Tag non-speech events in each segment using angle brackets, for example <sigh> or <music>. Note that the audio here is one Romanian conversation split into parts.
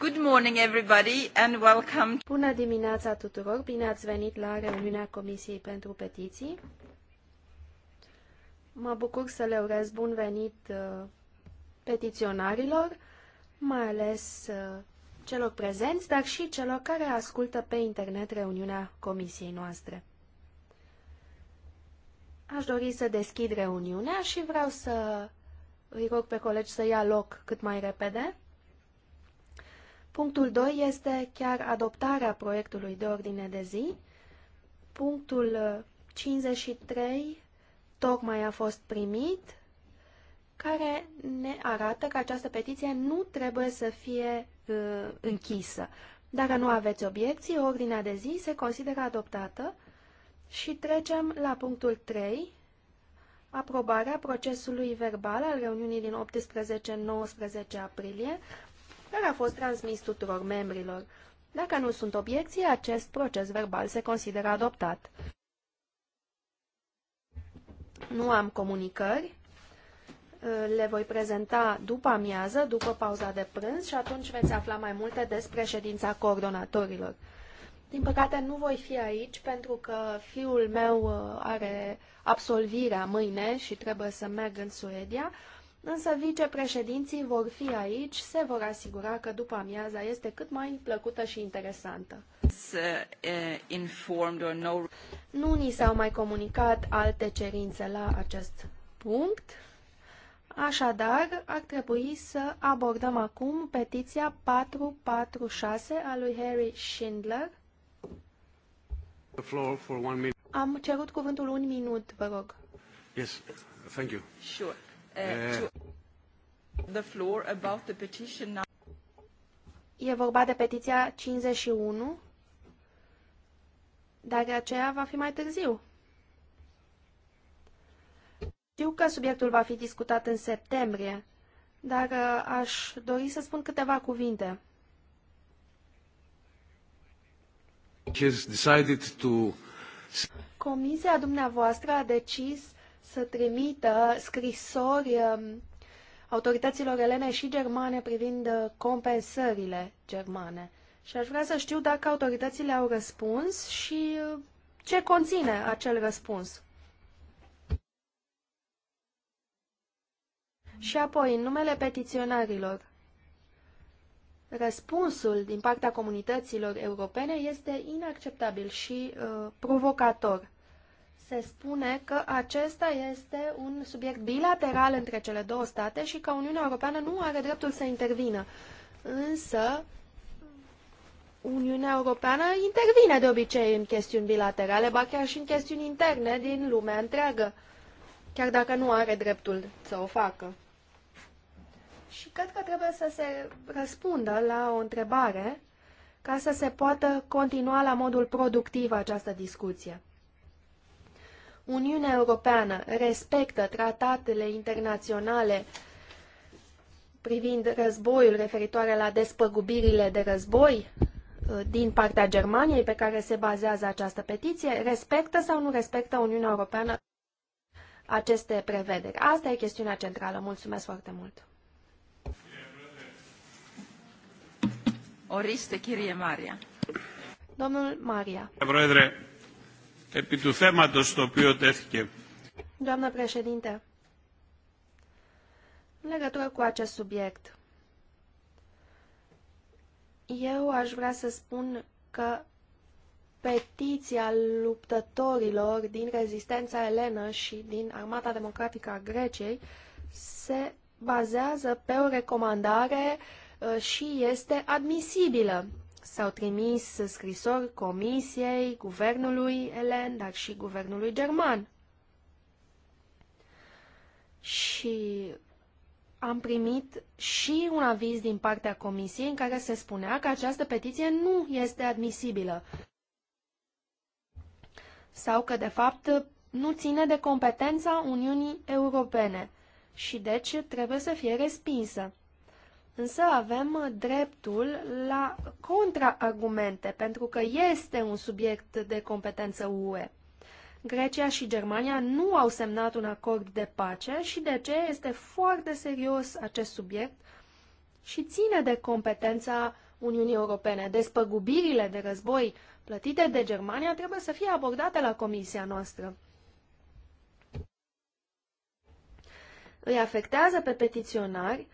Good morning everybody and welcome. Bună dimineața tuturor, bine ați venit la reuniunea Comisiei pentru Petiții. Mă bucur să le urez bun venit uh, petiționarilor, mai ales uh, celor prezenți, dar și celor care ascultă pe internet reuniunea comisiei noastre. Aș dori să deschid reuniunea și vreau să îi rog pe colegi să ia loc cât mai repede. Punctul 2 este chiar adoptarea proiectului de ordine de zi. Punctul 53 tocmai a fost primit, care ne arată că această petiție nu trebuie să fie uh, închisă. Dacă nu aveți obiecții, ordinea de zi se consideră adoptată și trecem la punctul 3, aprobarea procesului verbal al reuniunii din 18-19 aprilie care a fost transmis tuturor membrilor. Dacă nu sunt obiecții, acest proces verbal se consideră adoptat. Nu am comunicări. Le voi prezenta după amiază, după pauza de prânz și atunci veți afla mai multe despre ședința coordonatorilor. Din păcate nu voi fi aici pentru că fiul meu uh, are absolvirea mâine și trebuie să merg în Suedia, însă vicepreședinții vor fi aici, se vor asigura că după amiaza este cât mai plăcută și interesantă. Nu ni s-au mai comunicat alte cerințe la acest punct, așadar ar trebui să abordăm acum petiția 446 a lui Harry Schindler. Am cerut cuvântul un minut, vă rog. Yes, thank you. Sure. Uh, eh. E vorba de petiția 51, dar aceea va fi mai târziu. Știu că subiectul va fi discutat în septembrie, dar uh, aș dori să spun câteva cuvinte. Comisia dumneavoastră a decis uh, să trimită scrisori um, autorităților elene și germane privind uh, compensările germane. Și aș vrea să știu dacă autoritățile au răspuns și uh, ce conține acel răspuns. Și apoi, în numele petiționarilor, răspunsul din partea comunităților europene este inacceptabil și uh, provocator se spune că acesta este un subiect bilateral între cele două state și că Uniunea Europeană nu are dreptul să intervină. Însă, Uniunea Europeană intervine de obicei în chestiuni bilaterale, ba chiar și în chestiuni interne din lumea întreagă, chiar dacă nu are dreptul să o facă. Și cred că trebuie să se răspundă la o întrebare ca să se poată continua la modul productiv această discuție. Uniunea Europeană respectă tratatele internaționale privind războiul referitoare la despăgubirile de război uh, din partea Germaniei pe care se bazează această petiție, respectă sau nu respectă Uniunea Europeană aceste prevederi? Asta e chestiunea centrală. Mulțumesc foarte mult! Oriste Chirie Maria. Domnul Maria επί του θέματος το οποίο τέθηκε. Doamnă președinte, în legătură cu acest subiect, eu aș vrea să spun că petiția luptătorilor din rezistența elenă și din Armata Democratică a Greciei se bazează pe o recomandare uh, și este admisibilă. S-au trimis scrisori comisiei, guvernului elen, dar și guvernului german. Și am primit și un aviz din partea comisiei în care se spunea că această petiție nu este admisibilă sau că, de fapt, nu ține de competența Uniunii Europene și deci trebuie să fie respinsă. Însă avem uh, dreptul la contraargumente, pentru că este un subiect de competență UE. Grecia și Germania nu au semnat un acord de pace și de ce este foarte serios acest subiect și ține de competența Uniunii Europene. Despăgubirile de război plătite de Germania trebuie să fie abordate la comisia noastră. Îi afectează pe petiționari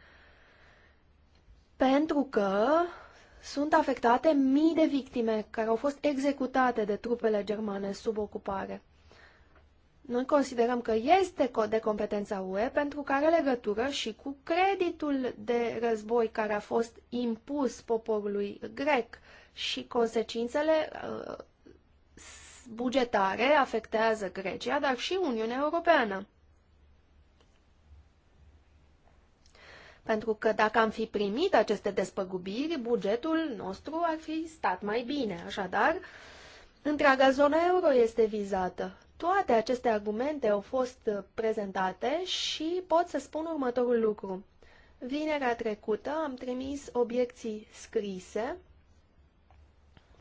pentru că sunt afectate mii de victime care au fost executate de trupele germane sub ocupare. Noi considerăm că este de competența UE pentru că are legătură și cu creditul de război care a fost impus poporului grec și consecințele uh, bugetare afectează Grecia, dar și Uniunea Europeană. Pentru că dacă am fi primit aceste despăgubiri, bugetul nostru ar fi stat mai bine. Așadar, întreaga zonă euro este vizată. Toate aceste argumente au fost prezentate și pot să spun următorul lucru. Vinerea trecută am trimis obiecții scrise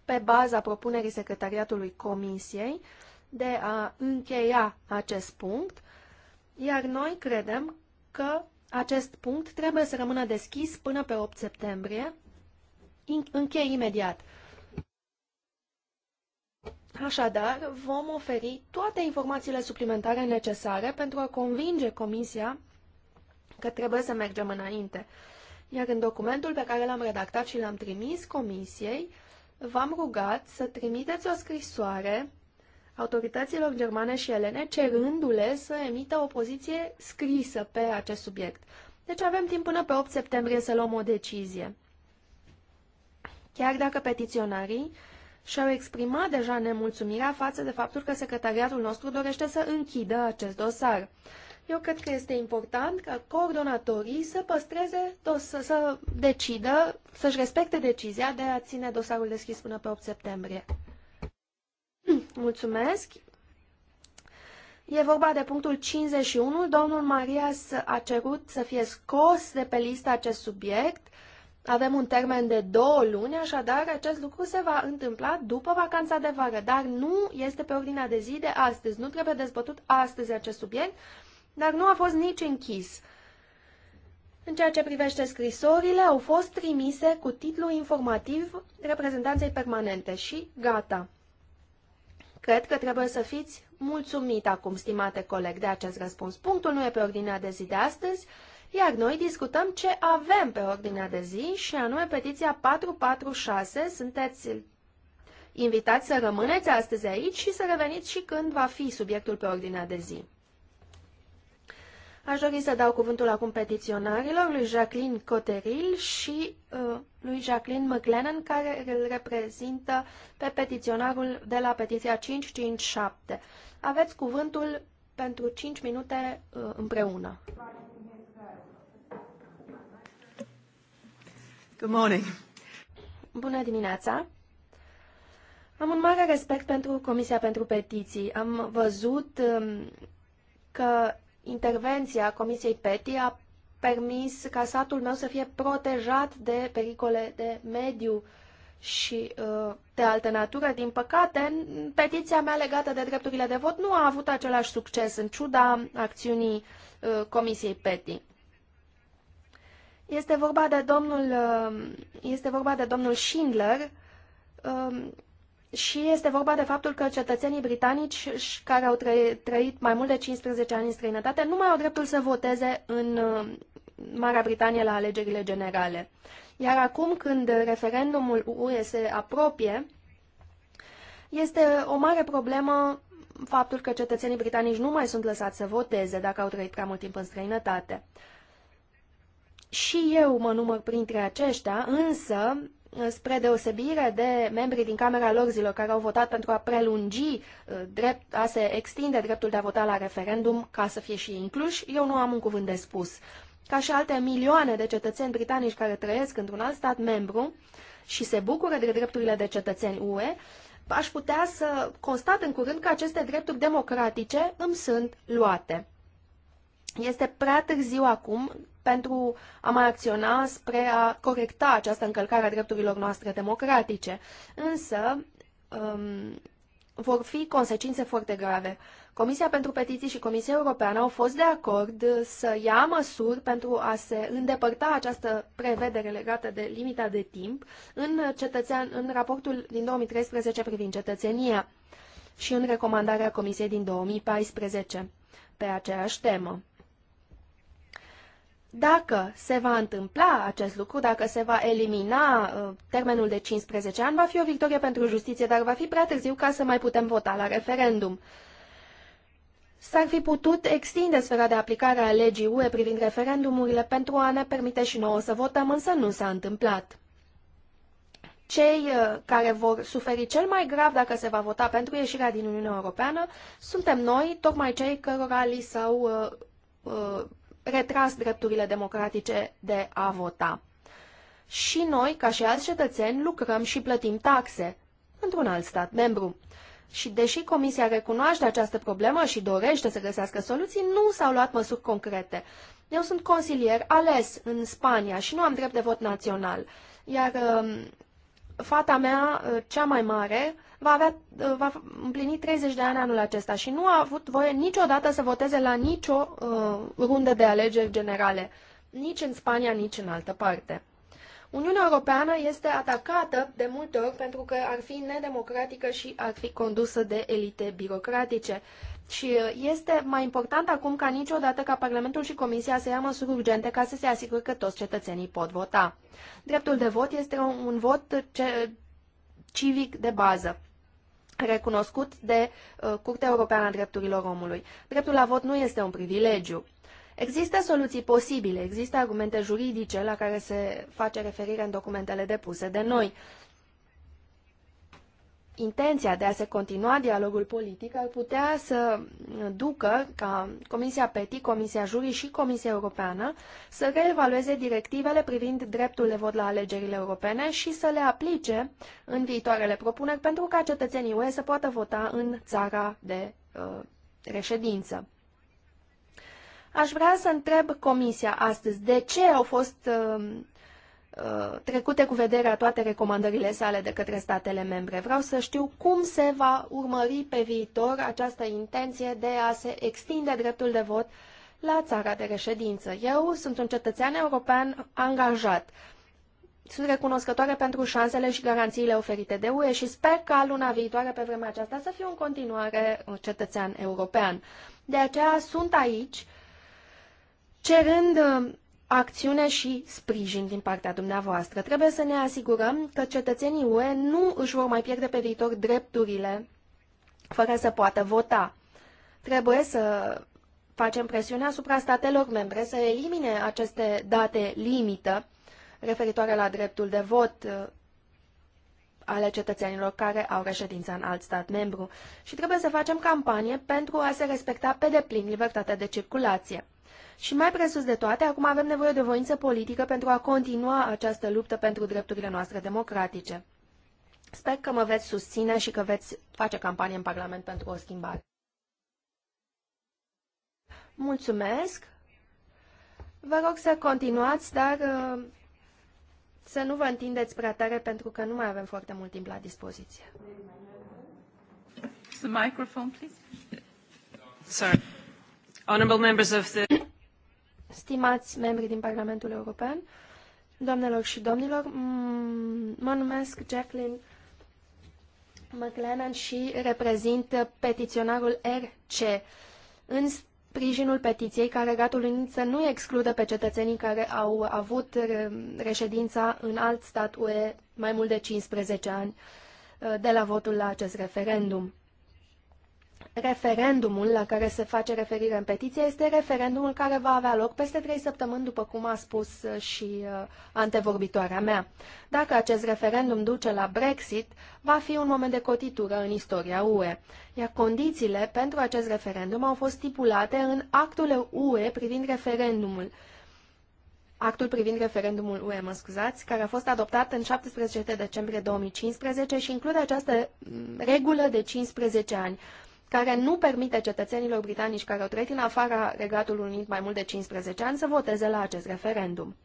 pe baza propunerii secretariatului Comisiei de a încheia acest punct, iar noi credem că acest punct trebuie să rămână deschis până pe 8 septembrie. Închei imediat. Așadar, vom oferi toate informațiile suplimentare necesare pentru a convinge Comisia că trebuie să mergem înainte. Iar în documentul pe care l-am redactat și l-am trimis Comisiei, v-am rugat să trimiteți o scrisoare autorităților germane și elene, cerându-le să emită o poziție scrisă pe acest subiect. Deci avem timp până pe 8 septembrie să luăm o decizie. Chiar dacă petiționarii și-au exprimat deja nemulțumirea față de faptul că secretariatul nostru dorește să închidă acest dosar. Eu cred că este important ca coordonatorii să păstreze, să, să decidă, să-și respecte decizia de a ține dosarul deschis până pe 8 septembrie. <clears throat> Mulțumesc. E vorba de punctul 51. Domnul Marias a cerut să fie scos de pe lista acest subiect. Avem un termen de două luni, așadar acest lucru se va întâmpla după vacanța de vară, dar nu este pe ordinea de zi de astăzi. Nu trebuie dezbătut astăzi acest subiect, dar nu a fost nici închis. În ceea ce privește scrisorile, au fost trimise cu titlu informativ reprezentanței permanente și gata. Cred că trebuie să fiți mulțumit acum, stimate coleg, de acest răspuns. Punctul nu e pe ordinea de zi de astăzi, iar noi discutăm ce avem pe ordinea de zi și anume petiția 446. Sunteți invitați să rămâneți astăzi aici și să reveniți și când va fi subiectul pe ordinea de zi. Aș dori să dau cuvântul acum petiționarilor lui Jacqueline Coteril și uh, lui Jacqueline McLennan, care îl reprezintă pe petiționarul de la petiția 557. Aveți cuvântul pentru 5 minute uh, împreună. Good morning. Bună dimineața! Am un mare respect pentru Comisia pentru Petiții. Am văzut um, că intervenția Comisiei PETI a permis ca satul meu să fie protejat de pericole de mediu și uh, de altă natură. Din păcate, petiția mea legată de drepturile de vot nu a avut același succes în ciuda acțiunii uh, Comisiei PETI. Este vorba de domnul, uh, este vorba de domnul Schindler, și este vorba de faptul că cetățenii britanici care au trăit mai mult de 15 ani în străinătate nu mai au dreptul să voteze în uh, Marea Britanie la alegerile generale. Iar acum când referendumul UE se apropie, este o mare problemă faptul că cetățenii britanici nu mai sunt lăsați să voteze dacă au trăit prea mult timp în străinătate. Și eu mă număr printre aceștia, însă spre deosebire de membrii din Camera Lorzilor care au votat pentru a prelungi, uh, drept, a se extinde dreptul de a vota la referendum ca să fie și incluși, eu nu am un cuvânt de spus. Ca și alte milioane de cetățeni britanici care trăiesc într-un alt stat membru și se bucură de drepturile de cetățeni UE, aș putea să constat în curând că aceste drepturi democratice îmi sunt luate. Este prea târziu acum pentru a mai acționa spre a corecta această încălcare a drepturilor noastre democratice. Însă, um, vor fi consecințe foarte grave. Comisia pentru Petiții și Comisia Europeană au fost de acord să ia măsuri pentru a se îndepărta această prevedere legată de limita de timp în, cetățean, în raportul din 2013 privind cetățenia și în recomandarea Comisiei din 2014 pe aceeași temă. Dacă se va întâmpla acest lucru, dacă se va elimina uh, termenul de 15 ani, va fi o victorie pentru justiție, dar va fi prea târziu ca să mai putem vota la referendum. S-ar fi putut extinde sfera de aplicare a legii UE privind referendumurile pentru a ne permite și nouă să votăm, însă nu s-a întâmplat. Cei uh, care vor suferi cel mai grav dacă se va vota pentru ieșirea din Uniunea Europeană suntem noi, tocmai cei cărora li s-au uh, uh, retras drepturile democratice de a vota. Și noi, ca și alți cetățeni, lucrăm și plătim taxe într-un alt stat membru. Și deși Comisia recunoaște această problemă și dorește să găsească soluții, nu s-au luat măsuri concrete. Eu sunt consilier ales în Spania și nu am drept de vot național. Iar um, fata mea, uh, cea mai mare, va, avea, uh, va împlini 30 de ani anul acesta și nu a avut voie niciodată să voteze la nicio uh, rundă de alegeri generale, nici în Spania, nici în altă parte. Uniunea Europeană este atacată de multe ori pentru că ar fi nedemocratică și ar fi condusă de elite birocratice. Și uh, este mai important acum ca niciodată ca Parlamentul și Comisia să ia măsuri urgente ca să se asigure că toți cetățenii pot vota. Dreptul de vot este un, vot civic de bază recunoscut de uh, Curtea Europeană a Drepturilor Omului. Dreptul la vot nu este un privilegiu. Există soluții posibile, există argumente juridice la care se face referire în documentele depuse de noi intenția de a se continua dialogul politic ar putea să ducă ca Comisia PETI, Comisia Juri și Comisia Europeană să reevalueze directivele privind dreptul de vot la alegerile europene și să le aplice în viitoarele propuneri pentru ca cetățenii UE să poată vota în țara de uh, reședință. Aș vrea să întreb Comisia astăzi de ce au fost uh, Uh, trecute cu vederea toate recomandările sale de către statele membre. Vreau să știu cum se va urmări pe viitor această intenție de a se extinde dreptul de vot la țara de reședință. Eu sunt un cetățean european angajat. Sunt recunoscătoare pentru șansele și garanțiile oferite de UE și sper ca luna viitoare, pe vremea aceasta, să fiu în continuare un cetățean european. De aceea sunt aici cerând uh, acțiune și sprijin din partea dumneavoastră. Trebuie să ne asigurăm că cetățenii UE nu își vor mai pierde pe viitor drepturile fără să poată vota. Trebuie să facem presiune asupra statelor membre să elimine aceste date limită referitoare la dreptul de vot uh, ale cetățenilor care au reședința în alt stat membru și trebuie să facem campanie pentru a se respecta pe deplin libertatea de circulație. Și mai presus de toate, acum avem nevoie de voință politică pentru a continua această luptă pentru drepturile noastre democratice. Sper că mă veți susține și că veți face campanie în Parlament pentru o schimbare. Mulțumesc! Vă rog să continuați, dar uh, să nu vă întindeți prea tare pentru că nu mai avem foarte mult timp la dispoziție. The microphone, please. Sorry. Honorable members of the... Stimați membri din Parlamentul European, doamnelor și domnilor, mă numesc Jacqueline McLennan și reprezint petiționarul RC în sprijinul petiției ca Regatul Unit să nu excludă pe cetățenii care au avut reședința în alt stat UE mai mult de 15 ani uh, de la votul la acest referendum referendumul la care se face referire în petiție este referendumul care va avea loc peste trei săptămâni, după cum a spus uh, și uh, antevorbitoarea mea. Dacă acest referendum duce la Brexit, va fi un moment de cotitură în istoria UE, iar condițiile pentru acest referendum au fost stipulate în actul UE privind referendumul. Actul privind referendumul UE, mă scuzați, care a fost adoptat în 17 decembrie 2015 și include această mm, regulă de 15 ani care nu permite cetățenilor britanici care au trăit în afara Regatului Unit mai mult de 15 ani să voteze la acest referendum.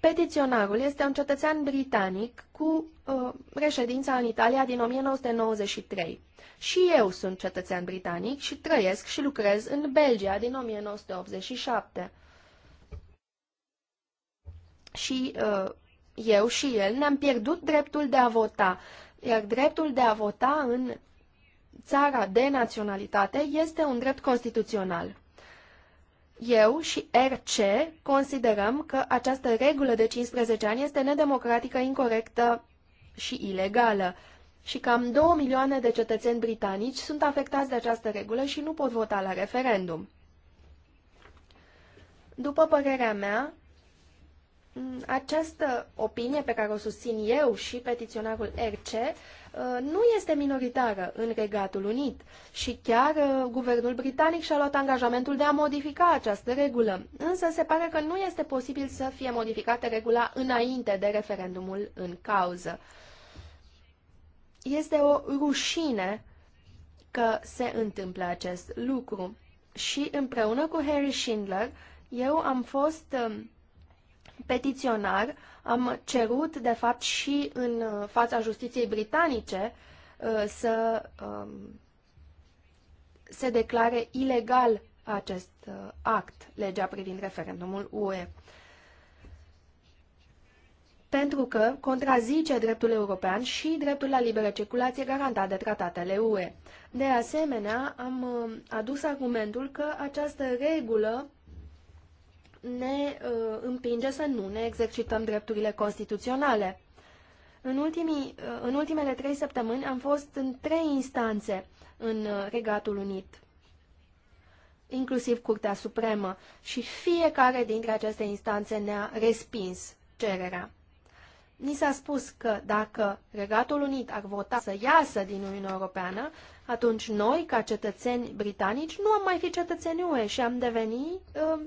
Petiționarul este un cetățean britanic cu uh, reședința în Italia din 1993. Și eu sunt cetățean britanic și trăiesc și lucrez în Belgia din 1987. Și uh, eu și el ne-am pierdut dreptul de a vota, iar dreptul de a vota în țara de naționalitate este un drept constituțional. Eu și RC considerăm că această regulă de 15 ani este nedemocratică, incorrectă și ilegală și cam 2 milioane de cetățeni britanici sunt afectați de această regulă și nu pot vota la referendum. După părerea mea, această opinie pe care o susțin eu și petiționarul RC Uh, nu este minoritară în Regatul Unit și chiar uh, guvernul britanic și-a luat angajamentul de a modifica această regulă, însă se pare că nu este posibil să fie modificată regula înainte de referendumul în cauză. Este o rușine că se întâmplă acest lucru și împreună cu Harry Schindler eu am fost um, petiționar am cerut, de fapt, și în fața justiției britanice uh, să um, se declare ilegal acest uh, act, legea privind referendumul UE. Pentru că contrazice dreptul european și dreptul la liberă circulație garantat de tratatele UE. De asemenea, am um, adus argumentul că această regulă ne uh, împinge să nu ne exercităm drepturile constituționale. În, ultimii, uh, în ultimele trei săptămâni am fost în trei instanțe în uh, Regatul Unit, inclusiv Curtea Supremă, și fiecare dintre aceste instanțe ne-a respins cererea. Ni s-a spus că dacă Regatul Unit ar vota să iasă din Uniunea Europeană, atunci noi, ca cetățeni britanici, nu am mai fi cetățeni UE și am deveni uh,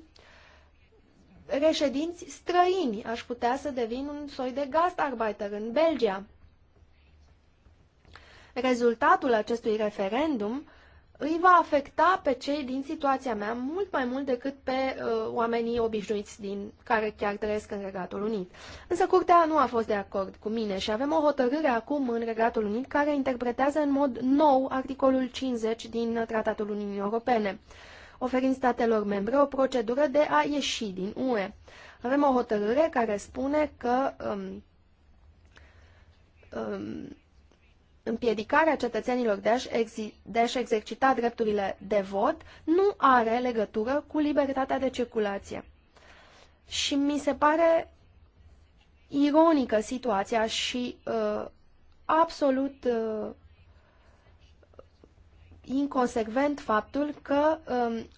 reședinți străini aș putea să devin un soi de gastarbeiter în Belgia. Rezultatul acestui referendum îi va afecta pe cei din situația mea mult mai mult decât pe uh, oamenii obișnuiți din care chiar trăiesc în Regatul Unit. Însă curtea nu a fost de acord cu mine și avem o hotărâre acum în Regatul Unit care interpretează în mod nou articolul 50 din Tratatul Uniunii Europene. Uh, oferind statelor membre o procedură de a ieși din UE. Avem o hotărâre care spune că um, um, împiedicarea cetățenilor de a-și, exi- exercita drepturile de vot nu are legătură cu libertatea de circulație. Și mi se pare ironică situația și uh, absolut uh, inconsecvent faptul că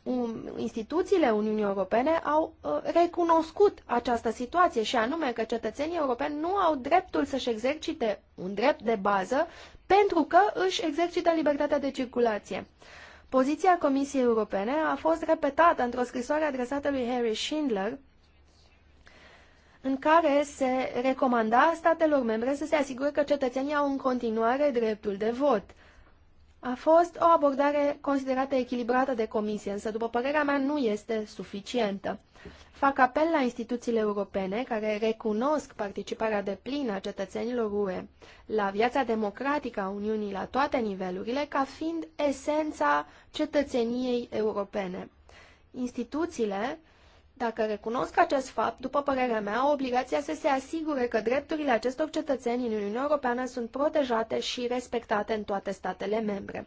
um, um, instituțiile Uniunii Europene au uh, recunoscut această situație și anume că cetățenii europeni nu au dreptul să-și exercite un drept de bază pentru că își exercită libertatea de circulație. Poziția Comisiei Europene a fost repetată într-o scrisoare adresată lui Harry Schindler, în care se recomanda statelor membre să se asigure că cetățenii au în continuare dreptul de vot – a fost o abordare considerată echilibrată de comisie, însă, după părerea mea, nu este suficientă. Fac apel la instituțiile europene care recunosc participarea deplină a cetățenilor UE la viața democratică a Uniunii la toate nivelurile ca fiind esența cetățeniei europene. Instituțiile dacă recunosc acest fapt, după părerea mea, au obligația să se asigure că drepturile acestor cetățeni în Uniunea Europeană sunt protejate și respectate în toate statele membre.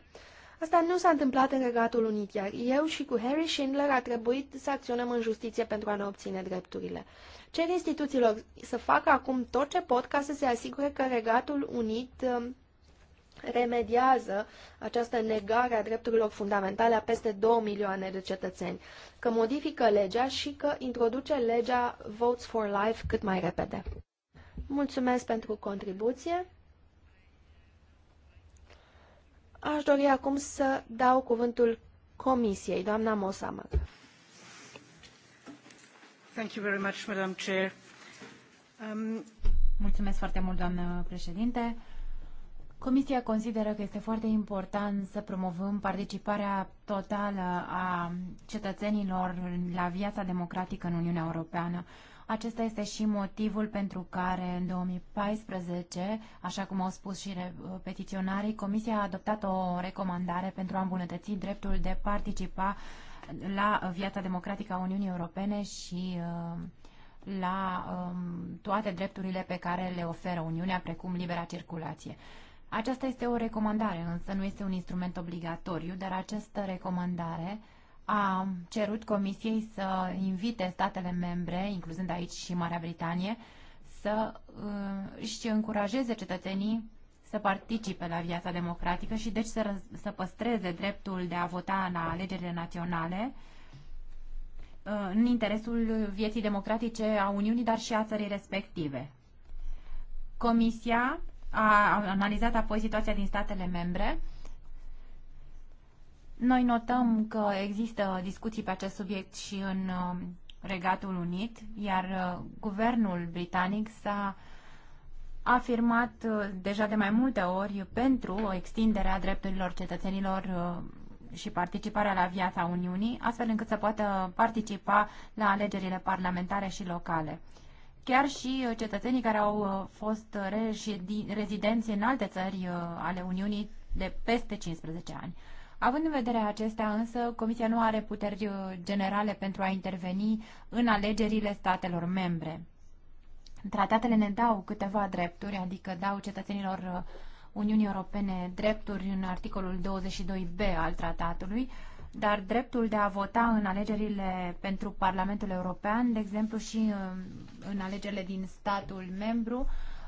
Asta nu s-a întâmplat în Regatul Unit, iar eu și cu Harry Schindler a trebuit să acționăm în justiție pentru a ne obține drepturile. Cer instituțiilor să facă acum tot ce pot ca să se asigure că Regatul Unit um, remediază această negare a drepturilor fundamentale a peste 2 milioane de cetățeni, că modifică legea și că introduce legea Votes for Life cât mai repede. Mulțumesc pentru contribuție. Aș dori acum să dau cuvântul Comisiei, doamna Mosamă. Thank you very much, Madam Chair. Um... Mulțumesc foarte mult, doamnă președinte. Comisia consideră că este foarte important să promovăm participarea totală a cetățenilor la viața democratică în Uniunea Europeană. Acesta este și motivul pentru care în 2014, așa cum au spus și uh, petiționarii, Comisia a adoptat o recomandare pentru a îmbunătăți dreptul de participa la viața democratică a Uniunii Europene și uh, la um, toate drepturile pe care le oferă Uniunea, precum libera circulație. Aceasta este o recomandare, însă nu este un instrument obligatoriu, dar această recomandare a cerut Comisiei să invite statele membre, incluzând aici și Marea Britanie, să uh, își încurajeze cetățenii să participe la viața democratică și deci să, să păstreze dreptul de a vota la alegerile naționale uh, în interesul vieții democratice a Uniunii, dar și a țării respective. Comisia a analizat apoi situația din statele membre. Noi notăm că există discuții pe acest subiect și în um, Regatul Unit, iar uh, guvernul britanic s-a afirmat uh, deja de mai multe ori pentru o extindere a drepturilor cetățenilor uh, și participarea la viața Uniunii, astfel încât să poată participa la alegerile parlamentare și locale chiar și uh, cetățenii care au uh, fost rezidenți în alte țări uh, ale Uniunii de peste 15 ani. Având în vedere acestea însă, Comisia nu are puteri generale pentru a interveni în alegerile statelor membre. Tratatele ne dau câteva drepturi, adică dau cetățenilor Uniunii Europene drepturi în articolul 22b al tratatului, dar dreptul de a vota în alegerile pentru Parlamentul European, de exemplu și uh, în alegerile din statul membru,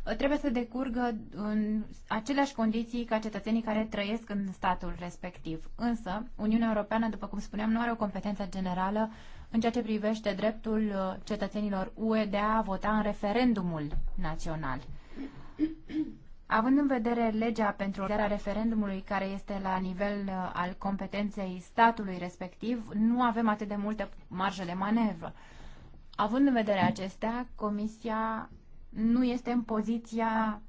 uh, trebuie să decurgă în aceleași condiții ca cetățenii care trăiesc în statul respectiv. Însă, Uniunea Europeană, după cum spuneam, nu are o competență generală în ceea ce privește dreptul uh, cetățenilor UE de a vota în referendumul național. Având în vedere legea pentru organizarea referendumului care este la nivel uh, al competenței statului respectiv, nu avem atât de multe marjă de manevră. Având în vedere acestea, Comisia nu este în poziția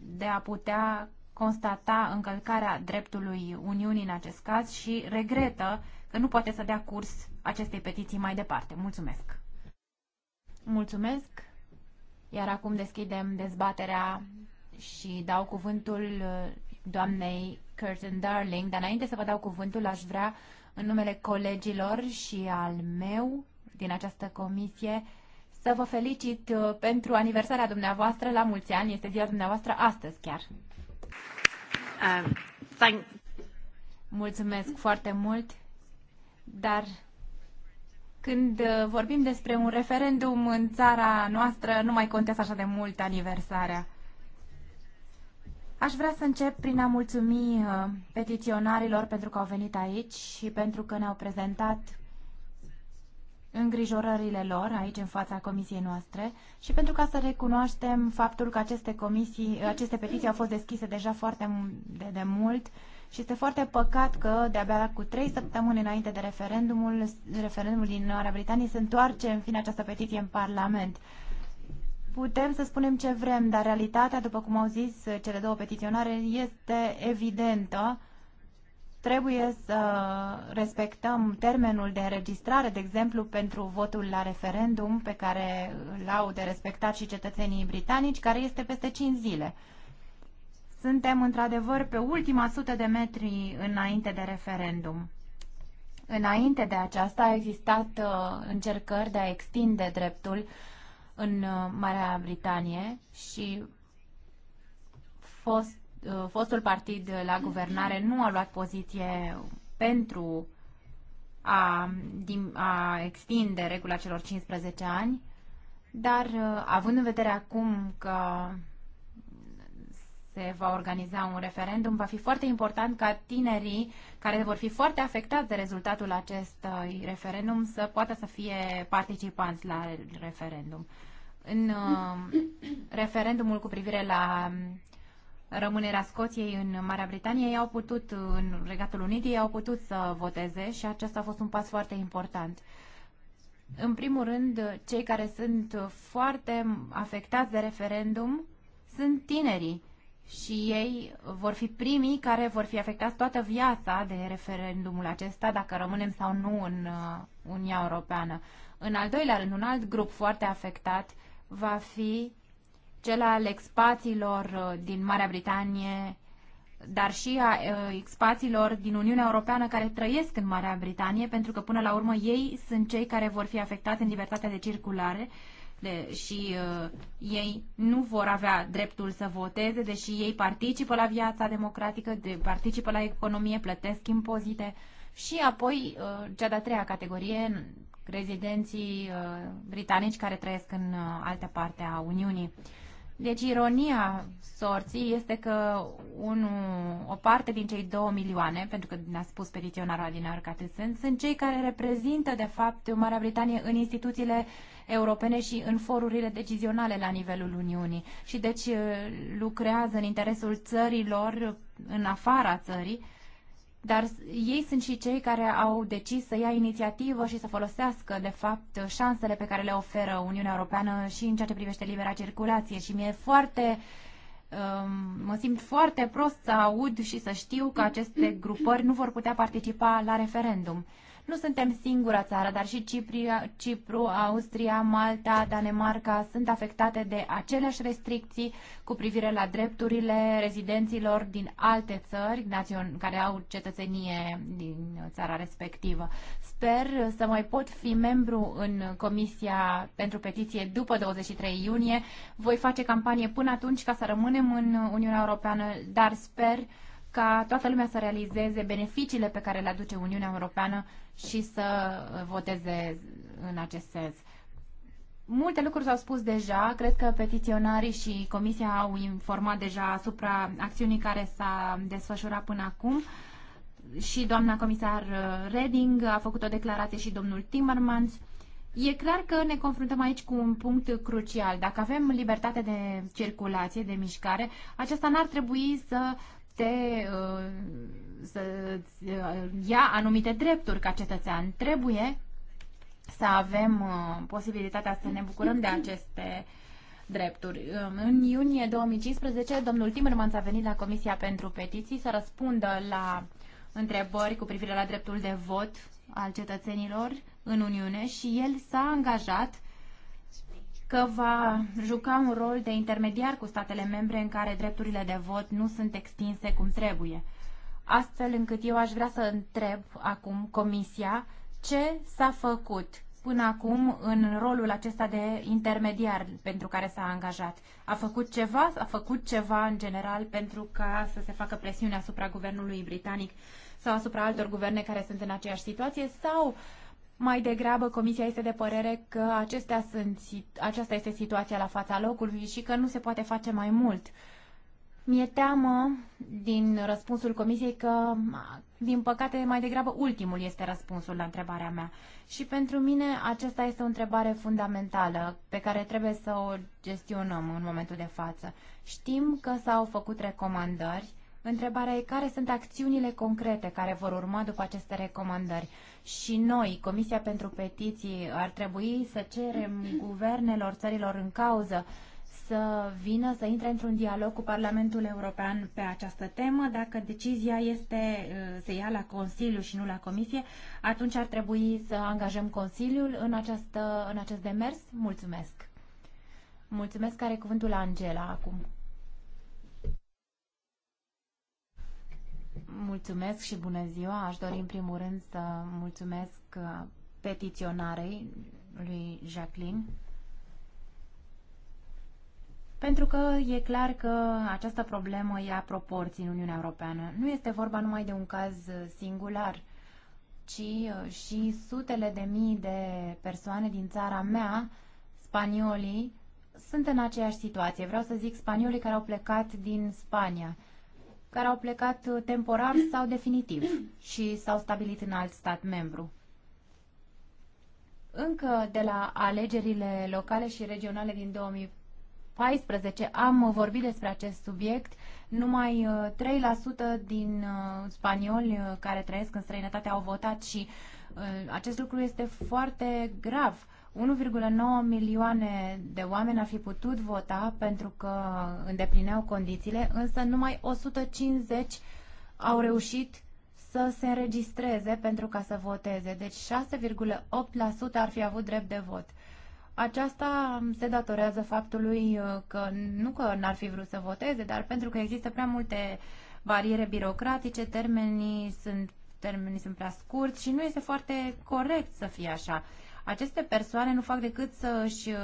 de a putea constata încălcarea dreptului Uniunii în acest caz și regretă că nu poate să dea curs acestei petiții mai departe. Mulțumesc! Mulțumesc! Iar acum deschidem dezbaterea și dau cuvântul uh, doamnei Curtin Darling, dar înainte să vă dau cuvântul, aș vrea, în numele colegilor și al meu din această comisie, să vă felicit uh, pentru aniversarea dumneavoastră la mulți ani. Este ziua dumneavoastră astăzi chiar. Uh, thank... Mulțumesc foarte mult, dar când uh, vorbim despre un referendum în țara noastră, nu mai contează așa de mult aniversarea. Aș vrea să încep prin a mulțumi uh, petiționarilor pentru că au venit aici și pentru că ne-au prezentat îngrijorările lor aici în fața comisiei noastre și pentru ca să recunoaștem faptul că aceste, comisii, uh, aceste petiții au fost deschise deja foarte de, de mult și este foarte păcat că de-abia cu trei săptămâni înainte de referendumul, referendumul din Marea Britanie se întoarce în fine această petiție în Parlament. Putem să spunem ce vrem, dar realitatea, după cum au zis uh, cele două petiționare, este evidentă. Trebuie să respectăm termenul de înregistrare, de exemplu, pentru votul la referendum, pe care l au de respectat și cetățenii britanici, care este peste 5 zile. Suntem, într-adevăr, pe ultima sută de metri înainte de referendum. Înainte de aceasta, a existat uh, încercări de a extinde dreptul în uh, Marea Britanie și fost, uh, fostul partid la guvernare nu a luat poziție pentru a, a extinde regula celor 15 ani, dar uh, având în vedere acum că se va organiza un referendum, va fi foarte important ca tinerii care vor fi foarte afectați de rezultatul acestui referendum să poată să fie participanți la referendum. În um, referendumul cu privire la um, rămânerea Scoției în Marea Britanie, ei au putut, în Regatul Unit, ei au putut să voteze și acesta a fost un pas foarte important. În primul rând, cei care sunt foarte afectați de referendum sunt tinerii și ei vor fi primii care vor fi afectați toată viața de referendumul acesta, dacă rămânem sau nu în uh, Uniunea Europeană. În al doilea rând, un alt grup foarte afectat va fi cel al expațiilor uh, din Marea Britanie, dar și a uh, expațiilor din Uniunea Europeană care trăiesc în Marea Britanie, pentru că până la urmă ei sunt cei care vor fi afectați în libertatea de circulare de, și uh, ei nu vor avea dreptul să voteze, deși ei participă la viața democratică, de, participă la economie, plătesc impozite. Și apoi, uh, cea de-a treia categorie, rezidenții uh, britanici care trăiesc în uh, altă parte a Uniunii. Deci ironia sorții este că unu, o parte din cei două milioane, pentru că ne-a spus petiționarul Adina sunt, sunt cei care reprezintă de fapt Marea Britanie în instituțiile uh, europene și în forurile decizionale la nivelul Uniunii. Și deci uh, lucrează în interesul țărilor în afara țării, dar ei sunt și cei care au decis să ia inițiativă și să folosească, de fapt, șansele pe care le oferă Uniunea Europeană și în ceea ce privește libera circulație. Și mi-e foarte um, mă simt foarte prost să aud și să știu că aceste grupări nu vor putea participa la referendum. Nu suntem singura țară, dar și Cipria, Cipru, Austria, Malta, Danemarca sunt afectate de aceleași restricții cu privire la drepturile rezidenților din alte țări care au cetățenie din țara respectivă. Sper să mai pot fi membru în Comisia pentru Petiție după 23 iunie. Voi face campanie până atunci ca să rămânem în Uniunea Europeană, dar sper ca toată lumea să realizeze beneficiile pe care le aduce Uniunea Europeană și să uh, voteze în acest sens. Multe lucruri s-au spus deja, cred că petiționarii și comisia au informat deja asupra acțiunii care s-a desfășurat până acum și doamna comisar uh, Reding a făcut o declarație și domnul Timmermans. E clar că ne confruntăm aici cu un punct crucial. Dacă avem libertate de circulație, de mișcare, aceasta n-ar trebui să te uh, să uh, ia anumite drepturi ca cetățean. Trebuie să avem uh, posibilitatea să ne bucurăm de aceste drepturi. Um, în iunie 2015, domnul Timmermans a venit la Comisia pentru Petiții să răspundă la întrebări cu privire la dreptul de vot al cetățenilor în Uniune și el s-a angajat că va juca un rol de intermediar cu statele membre în care drepturile de vot nu sunt extinse cum trebuie. Astfel încât eu aș vrea să întreb acum Comisia ce s-a făcut până acum în rolul acesta de intermediar pentru care s-a angajat. A făcut ceva? A făcut ceva în general pentru ca să se facă presiune asupra guvernului britanic sau asupra altor guverne care sunt în aceeași situație? Sau uh, mai degrabă, Comisia este de părere că acestea sunt, aceasta este situația la fața locului și că nu se poate face mai mult. Mi-e teamă din răspunsul Comisiei că, din păcate, mai degrabă ultimul este răspunsul la întrebarea mea. Și pentru mine aceasta este o întrebare fundamentală pe care trebuie să o gestionăm în momentul de față. Știm că s-au făcut recomandări Întrebarea e care sunt acțiunile concrete care vor urma după aceste recomandări. Și noi, Comisia pentru Petiții, ar trebui să cerem guvernelor țărilor în cauză să vină, să intre într-un dialog cu Parlamentul European pe această temă. Dacă decizia este uh, se ia la Consiliu și nu la Comisie, atunci ar trebui să angajăm Consiliul în, această, în acest demers. Mulțumesc! Mulțumesc, care cuvântul Angela acum. Mulțumesc și bună ziua. Aș dori în primul rând să mulțumesc uh, petiționarei lui Jacqueline pentru că e clar că această problemă ia proporții în Uniunea Europeană. Nu este vorba numai de un caz uh, singular, ci uh, și sutele de mii de persoane din țara mea, spaniolii, sunt în aceeași situație. Vreau să zic spaniolii care au plecat din Spania care au plecat uh, temporar sau definitiv și s-au stabilit în alt stat membru. Încă de la alegerile locale și regionale din 2014 am vorbit despre acest subiect. Numai 3% uh, din uh, spanioli care trăiesc în străinătate au votat și acest lucru este foarte grav 1,9 milioane de oameni ar fi putut vota pentru că îndeplineau condițiile, însă numai 150 au reușit să se înregistreze pentru ca să voteze. Deci 6,8% ar fi avut drept de vot. Aceasta se datorează faptului uh, că nu că n-ar fi vrut să voteze, dar pentru că există prea multe bariere birocratice, termenii sunt, termenii sunt prea scurți și nu este foarte corect să fie așa. Aceste persoane nu fac decât să își uh,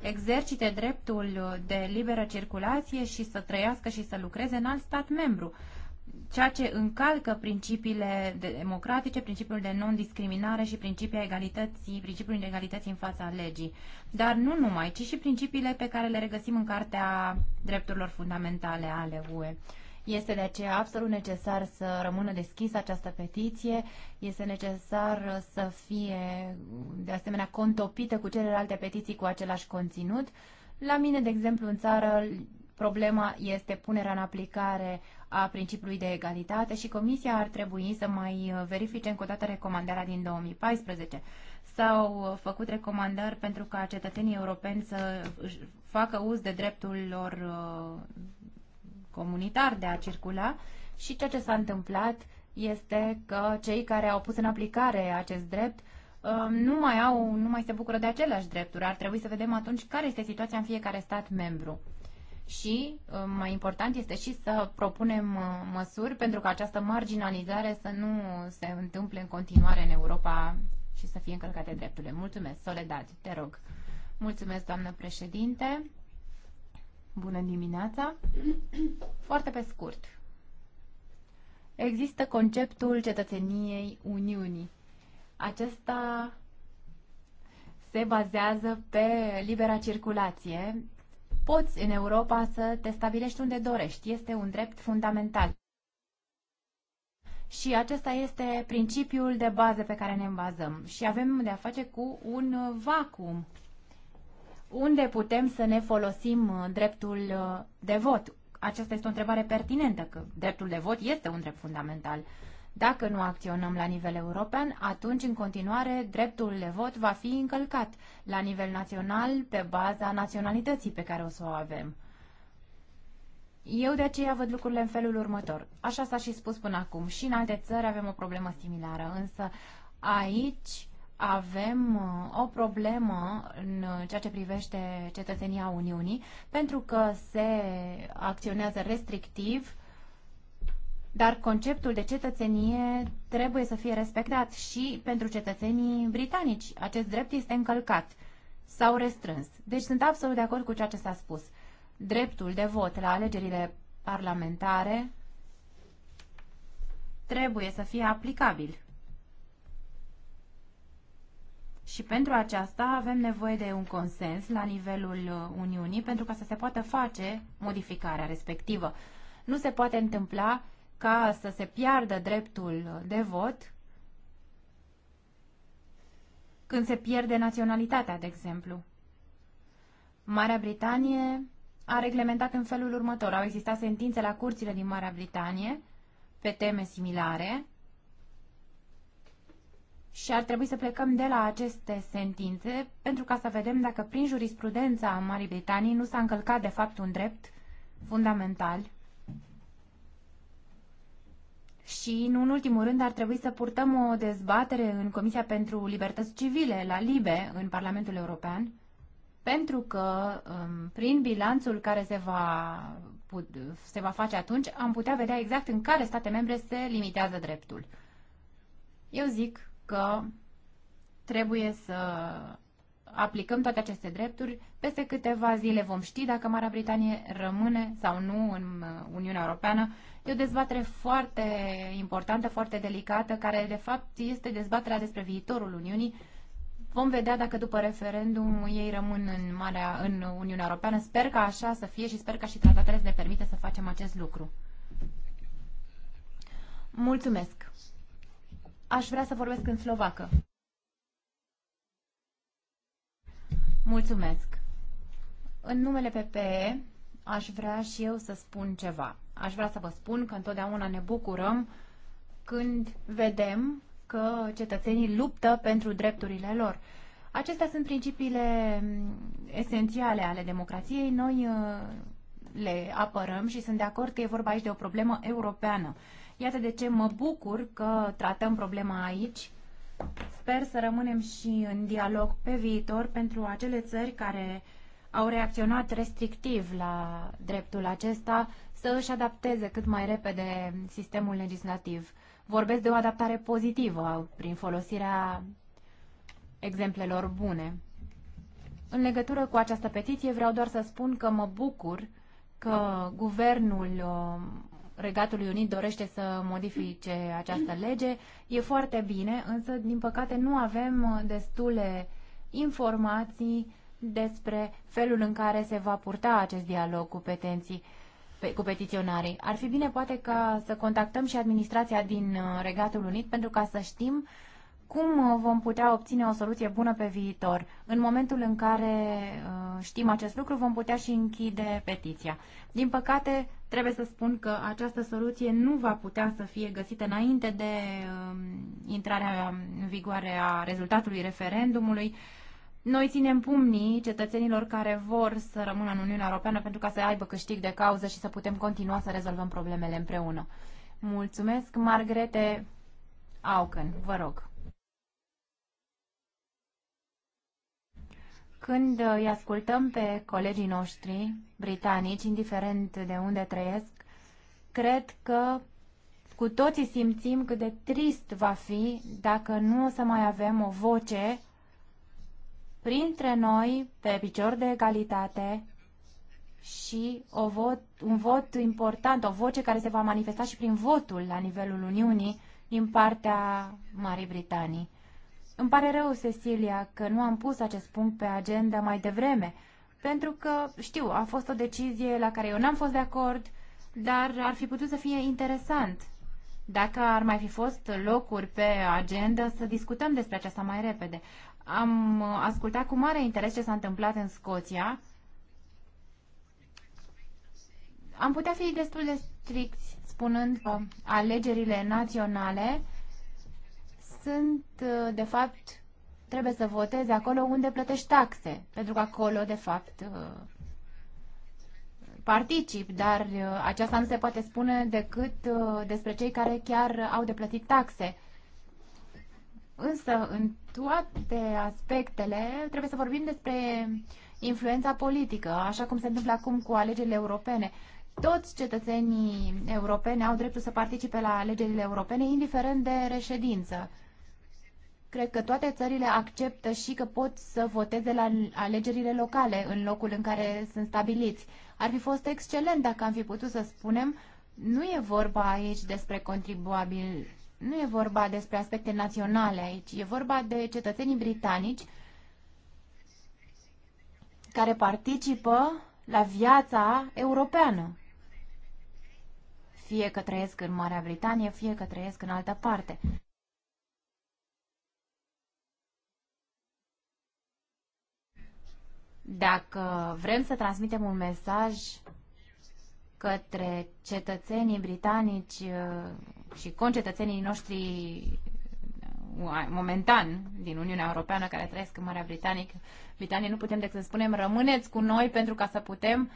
exercite dreptul de liberă circulație și să trăiască și să lucreze în alt stat membru ceea ce încalcă principiile democratice, principiul de non-discriminare și principiul egalității, principiul de egalității în fața legii. Dar nu numai, ci și principiile pe care le regăsim în Cartea Drepturilor Fundamentale ale UE. Este de aceea absolut necesar să rămână deschisă această petiție, este necesar să fie de asemenea contopită cu celelalte petiții cu același conținut. La mine, de exemplu, în țară, problema este punerea în aplicare a principiului de egalitate și Comisia ar trebui să mai verifice încă o dată recomandarea din 2014. S-au făcut recomandări pentru ca cetățenii europeni să facă uz de dreptul lor uh, comunitar de a circula și ceea ce s-a întâmplat este că cei care au pus în aplicare acest drept um, nu mai au, nu mai se bucură de aceleași drepturi. Ar trebui să vedem atunci care este situația în fiecare stat membru. Și um, mai important este și să propunem uh, măsuri pentru ca această marginalizare să nu se întâmple în continuare în Europa și să fie încălcate drepturile. Mulțumesc, Soledad, te rog. Mulțumesc, doamnă președinte. Bună dimineața! Foarte pe scurt. Există conceptul cetățeniei Uniunii. Acesta se bazează pe libera circulație. Poți în Europa să te stabilești unde dorești. Este un drept fundamental. Și acesta este principiul de bază pe care ne bazăm. Și avem de a face cu un vacuum unde putem să ne folosim uh, dreptul uh, de vot? Aceasta este o întrebare pertinentă, că dreptul de vot este un drept fundamental. Dacă nu acționăm la nivel european, atunci, în continuare, dreptul de vot va fi încălcat la nivel național pe baza naționalității pe care o să o avem. Eu de aceea văd lucrurile în felul următor. Așa s-a și spus până acum. Și în alte țări avem o problemă similară, însă aici avem uh, o problemă în uh, ceea ce privește cetățenia Uniunii, pentru că se acționează restrictiv, dar conceptul de cetățenie trebuie să fie respectat și pentru cetățenii britanici. Acest drept este încălcat sau restrâns. Deci sunt absolut de acord cu ceea ce s-a spus. Dreptul de vot la alegerile parlamentare trebuie să fie aplicabil și pentru aceasta avem nevoie de un consens la nivelul uh, Uniunii pentru ca să se poată face modificarea respectivă. Nu se poate întâmpla ca să se piardă dreptul de vot când se pierde naționalitatea, de exemplu. Marea Britanie a reglementat în felul următor. Au existat sentințe la curțile din Marea Britanie pe teme similare și ar trebui să plecăm de la aceste sentințe pentru ca să vedem dacă prin jurisprudența Marii Britanii nu s-a încălcat de fapt un drept fundamental și, nu în ultimul rând, ar trebui să purtăm o dezbatere în Comisia pentru Libertăți Civile, la LIBE, în Parlamentul European, pentru că, um, prin bilanțul care se va, se va face atunci, am putea vedea exact în care state membre se limitează dreptul. Eu zic că trebuie să aplicăm toate aceste drepturi. Peste câteva zile vom ști dacă Marea Britanie rămâne sau nu în Uniunea Europeană. E o dezbatere foarte importantă, foarte delicată, care de fapt este dezbaterea despre viitorul Uniunii. Vom vedea dacă după referendum ei rămân în, Marea, în Uniunea Europeană. Sper că așa să fie și sper că și tratatele să ne permite să facem acest lucru. Mulțumesc! Aș vrea să vorbesc în slovacă. Mulțumesc. În numele PPE aș vrea și eu să spun ceva. Aș vrea să vă spun că întotdeauna ne bucurăm când vedem că cetățenii luptă pentru drepturile lor. Acestea sunt principiile mm, esențiale ale democrației. Noi uh, le apărăm și sunt de acord că e vorba aici de o problemă europeană. Iată de ce mă bucur că tratăm problema aici. Sper să rămânem și în dialog pe viitor pentru acele țări care au reacționat restrictiv la dreptul acesta să își adapteze cât mai repede sistemul legislativ. Vorbesc de o adaptare pozitivă prin folosirea exemplelor bune. În legătură cu această petiție vreau doar să spun că mă bucur că guvernul um, Regatul Unit dorește să modifice această lege. E foarte bine, însă, din păcate, nu avem uh, destule informații despre felul în care se va purta acest dialog cu petenții cu petiționarii. Ar fi bine poate ca să contactăm și administrația din uh, Regatul Unit pentru ca să știm cum uh, vom putea obține o soluție bună pe viitor? În momentul în care uh, știm acest lucru, vom putea și închide petiția. Din păcate, trebuie să spun că această soluție nu va putea să fie găsită înainte de um, intrarea în vigoare a rezultatului referendumului. Noi ținem pumnii cetățenilor care vor să rămână în Uniunea Europeană pentru ca să aibă câștig de cauză și să putem continua să rezolvăm problemele împreună. Mulțumesc, Margrete Auken, vă rog. Când îi ascultăm pe colegii noștri britanici, indiferent de unde trăiesc, cred că cu toții simțim cât de trist va fi dacă nu o să mai avem o voce printre noi pe picior de egalitate și o vot, un vot important, o voce care se va manifesta și prin votul la nivelul Uniunii din partea Marii Britanii. Îmi pare rău, Cecilia, că nu am pus acest punct pe agenda mai devreme, pentru că, știu, a fost o decizie la care eu n-am fost de acord, dar ar fi putut să fie interesant. Dacă ar mai fi fost locuri pe agenda, să discutăm despre aceasta mai repede. Am ascultat cu mare interes ce s-a întâmplat în Scoția. Am putea fi destul de stricți spunând că alegerile naționale sunt, uh, de fapt, trebuie să votezi acolo unde plătești taxe, pentru că acolo, de fapt, uh, particip, dar uh, aceasta nu se poate spune decât despre cei care chiar au de plătit taxe. Însă, în toate aspectele, trebuie să vorbim despre influența politică, așa cum se întâmplă acum cu alegerile europene. Toți cetățenii europeni au dreptul să participe la alegerile europene, indiferent de reședință. Cred că toate țările acceptă și că pot să voteze la alegerile locale în locul în care sunt stabiliți. Ar fi fost excelent dacă am fi putut să spunem nu e vorba aici despre contribuabil, nu e vorba despre aspecte naționale aici, e vorba de cetățenii britanici care participă la viața europeană. Fie că trăiesc în Marea Britanie, fie că trăiesc în altă parte. Dacă vrem să transmitem un mesaj către cetățenii britanici uh, și concetățenii noștri uh, momentan din Uniunea Europeană care trăiesc în Marea Britanică, Britanie, nu putem decât să spunem rămâneți cu noi pentru ca să putem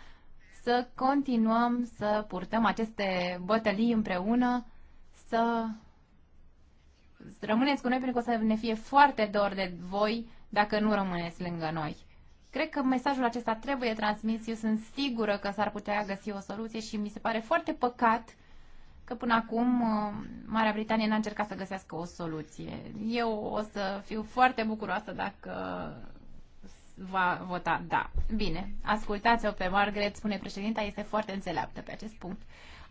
să continuăm să purtăm aceste bătălii împreună, să rămâneți cu noi pentru că o să ne fie foarte dor de voi dacă nu rămâneți lângă noi. Cred că mesajul acesta trebuie transmis. Eu sunt sigură că s-ar putea găsi o soluție și mi se pare foarte păcat că până acum uh, Marea Britanie n-a încercat să găsească o soluție. Eu o să fiu foarte bucuroasă dacă va vota da. Bine, ascultați-o pe Margaret, spune președinta, este foarte înțeleaptă pe acest punct.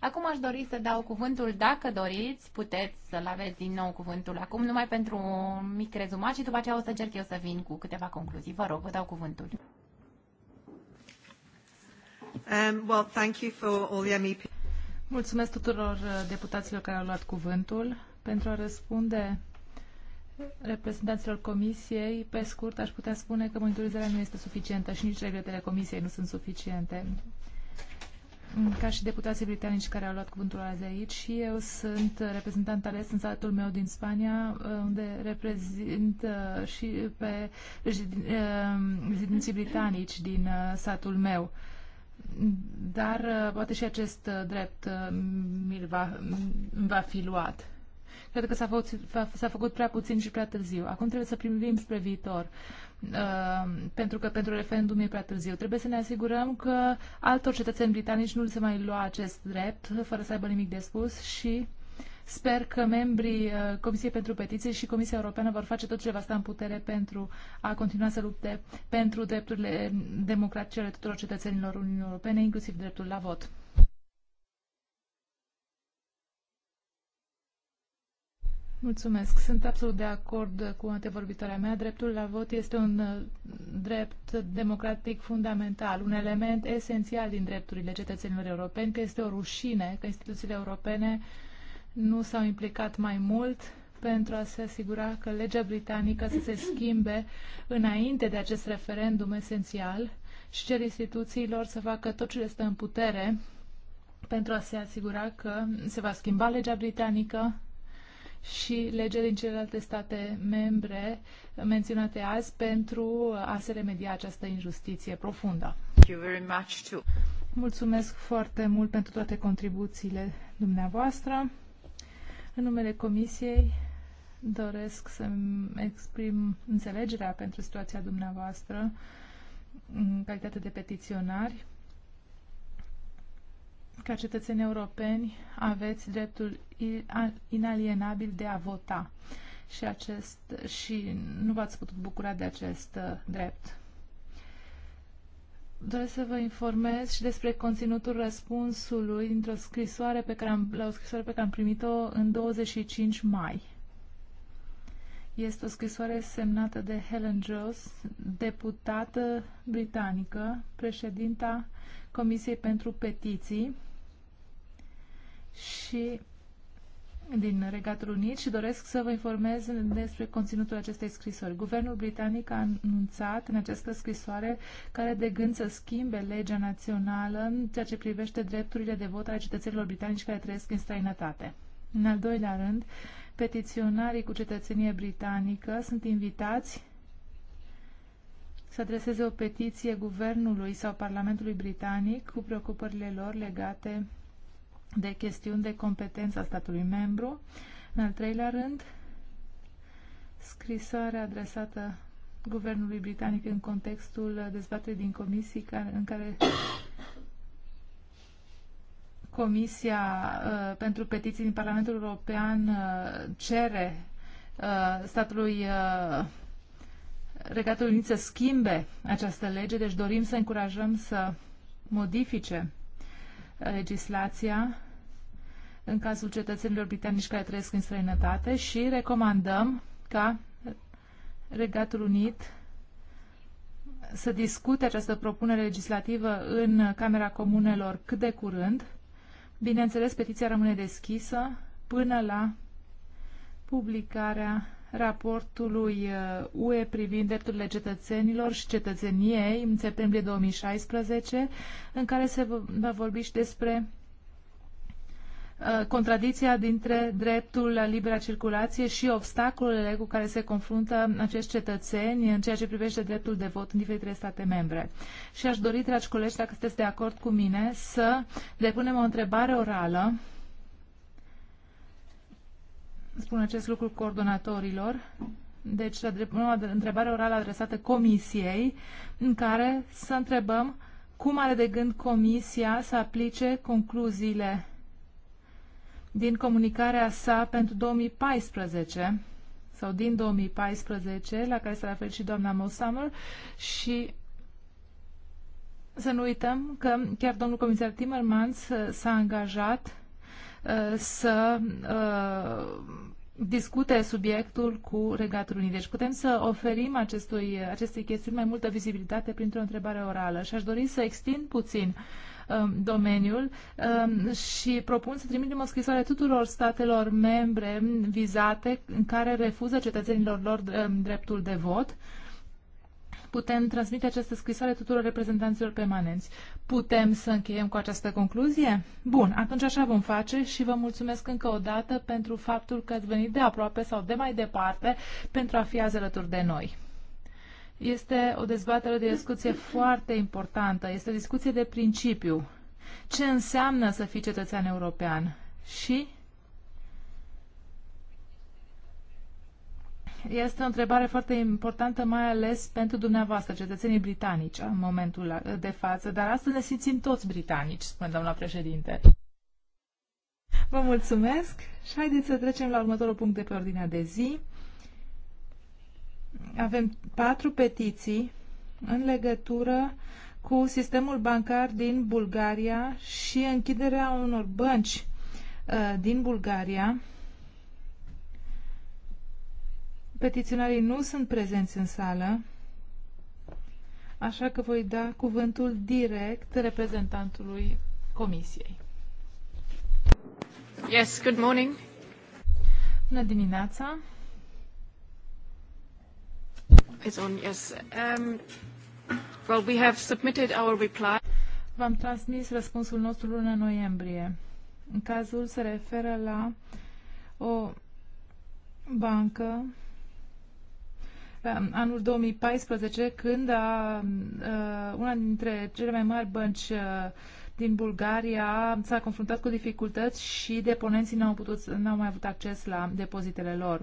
Acum aș dori să dau cuvântul, dacă doriți, puteți să-l aveți din nou cuvântul acum, numai pentru un mic rezumat și după aceea o să încerc eu să vin cu câteva concluzii. Vă rog, vă dau cuvântul. Um, well, thank you for all the MEP. Mulțumesc tuturor uh, deputaților care au luat cuvântul pentru a răspunde reprezentanților comisiei, pe scurt, aș putea spune că monitorizarea nu este suficientă și nici regretele comisiei nu sunt suficiente ca și deputații britanici care au luat cuvântul azi aici și eu sunt reprezentant ales în satul meu din Spania, uh, unde reprezint uh, și pe uh, rezidenții britanici din statul meu. Dar poate și acest drept mi va, va fi luat. Cred că s-a făcut, făcut prea puțin și prea târziu. Acum trebuie să privim spre viitor. Uh, pentru că pentru referendum e prea târziu. Trebuie să ne asigurăm că altor cetățeni britanici nu se mai lua acest drept fără să aibă nimic de spus și Sper că membrii uh, Comisiei pentru Petiții și Comisia Europeană vor face tot ce va sta în putere pentru a continua să lupte pentru drepturile democratice ale tuturor cetățenilor Uniunii Europene, inclusiv dreptul la vot. Mulțumesc. Sunt absolut de acord cu antevorbitoarea mea. Dreptul la vot este un uh, drept democratic fundamental, un element esențial din drepturile cetățenilor europeni, că este o rușine că instituțiile europene nu s-au implicat mai mult pentru a se asigura că legea britanică să se schimbe înainte de acest referendum esențial și cer instituțiilor să facă tot ce le stă în putere pentru a se asigura că se va schimba legea britanică și lege din celelalte state membre menționate azi pentru a se remedia această injustiție profundă. Mulțumesc foarte mult pentru toate contribuțiile dumneavoastră. În numele Comisiei doresc să exprim înțelegerea pentru situația dumneavoastră în calitate de petiționari ca cetățeni europeni, aveți dreptul inalienabil de a vota și, acest, și nu v-ați putut bucura de acest uh, drept. Doresc să vă informez și despre conținutul răspunsului dintr-o scrisoare pe care am, la o scrisoare pe care am primit-o în 25 mai. Este o scrisoare semnată de Helen Jones, deputată britanică, președinta Comisiei pentru Petiții și din Regatul Unit și doresc să vă informez despre conținutul acestei scrisori. Guvernul britanic a anunțat în această scrisoare care de gând să schimbe legea națională în ceea ce privește drepturile de vot ale cetățenilor britanici care trăiesc în străinătate. În al doilea rând, petiționarii cu cetățenie britanică sunt invitați să adreseze o petiție guvernului sau Parlamentului britanic cu preocupările lor legate de chestiuni de competență a statului membru. În al treilea rând, scrisoare adresată guvernului britanic în contextul dezbaterii din comisii care, în care Comisia uh, pentru Petiții din Parlamentul European uh, cere uh, statului uh, Regatul Unit să schimbe această lege, deci dorim să încurajăm să modifice legislația în cazul cetățenilor britanici care trăiesc în străinătate și recomandăm ca Regatul Unit să discute această propunere legislativă în Camera Comunelor cât de curând. Bineînțeles, petiția rămâne deschisă până la publicarea raportului uh, UE privind drepturile cetățenilor și cetățeniei în septembrie 2016, în care se va vorbi și despre uh, contradicția dintre dreptul la libera circulație și obstacolele cu care se confruntă acești cetățeni în ceea ce privește dreptul de vot în diferitele state membre. Și aș dori, dragi colegi, dacă sunteți de acord cu mine, să depunem o întrebare orală spun acest lucru coordonatorilor. Deci, o întrebare orală adresată Comisiei, în care să întrebăm cum are de gând Comisia să aplice concluziile din comunicarea sa pentru 2014 sau din 2014, la care s-a referit și doamna Mosammer și să nu uităm că chiar domnul comisar Timmermans s-a angajat să uh, discute subiectul cu Regatul unii. Deci putem să oferim acestui, acestei chestiuni mai multă vizibilitate printr-o întrebare orală și aș dori să extind puțin um, domeniul um, și propun să trimitem o scrisoare tuturor statelor membre vizate în care refuză cetățenilor lor um, dreptul de vot putem transmite această scrisoare tuturor reprezentanților permanenți. Putem să încheiem cu această concluzie? Bun, atunci așa vom face și vă mulțumesc încă o dată pentru faptul că ați venit de aproape sau de mai departe pentru a fi azi alături de noi. Este o dezbatere de discuție foarte importantă, este o discuție de principiu. Ce înseamnă să fii cetățean european? Și este o întrebare foarte importantă, mai ales pentru dumneavoastră, cetățenii britanici, în momentul de față, dar astăzi ne simțim toți britanici, spune doamna președinte. Vă mulțumesc și haideți să trecem la următorul punct de pe ordinea de zi. Avem patru petiții în legătură cu sistemul bancar din Bulgaria și închiderea unor bănci uh, din Bulgaria Petiționarii nu sunt prezenți în sală, așa că voi da cuvântul direct reprezentantului Comisiei. Yes, good morning. Bună dimineața. It's on, yes. Um, well, we have submitted our reply. V-am transmis răspunsul nostru luna noiembrie. În cazul se referă la o bancă anul 2014, când a, uh, una dintre cele mai mari bănci uh, din Bulgaria s-a confruntat cu dificultăți și deponenții n-au, putut, n-au mai avut acces la depozitele lor.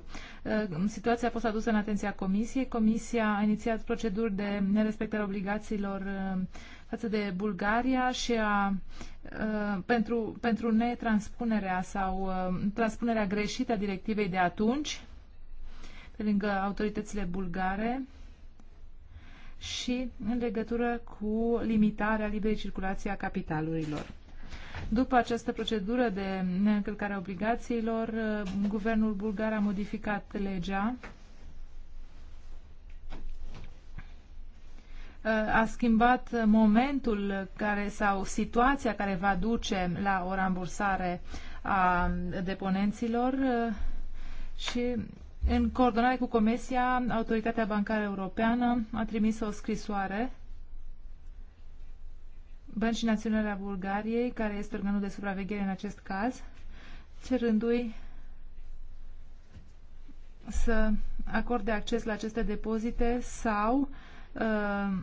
Uh, situația a fost adusă în atenția Comisiei. Comisia a inițiat proceduri de nerespectare obligațiilor față de Bulgaria și a, pentru, pentru netranspunerea sau transpunerea greșită a directivei de atunci pe lângă autoritățile bulgare și în legătură cu limitarea liberei circulației a capitalurilor. După această procedură de neîncălcare a obligațiilor, guvernul bulgar a modificat legea, a schimbat momentul care sau situația care va duce la o rambursare a deponenților uh, și în coordonare cu Comisia, Autoritatea Bancară Europeană a trimis o scrisoare Băncii Naționale a Bulgariei, care este organul de supraveghere în acest caz, cerându-i să acorde acces la aceste depozite sau uh,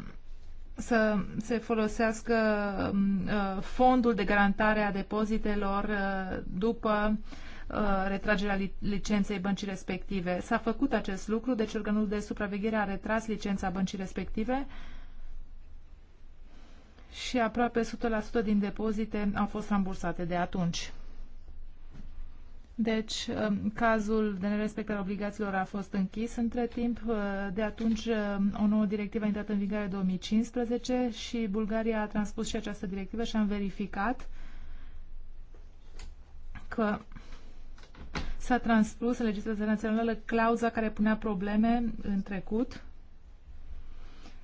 să se folosească uh, fondul de garantare a depozitelor uh, după uh, Uh, retragerea licenței băncii respective. S-a făcut acest lucru, deci organul de supraveghere a retras licența băncii respective și aproape 100% din depozite au fost rambursate de atunci. Deci, uh, cazul de nerespectare obligațiilor a fost închis între timp. Uh, de atunci, o nouă directivă a intrat în vigoare 2015 și Bulgaria a transpus și această directivă și am verificat că S-a transpus în legislația națională clauza care punea probleme în trecut.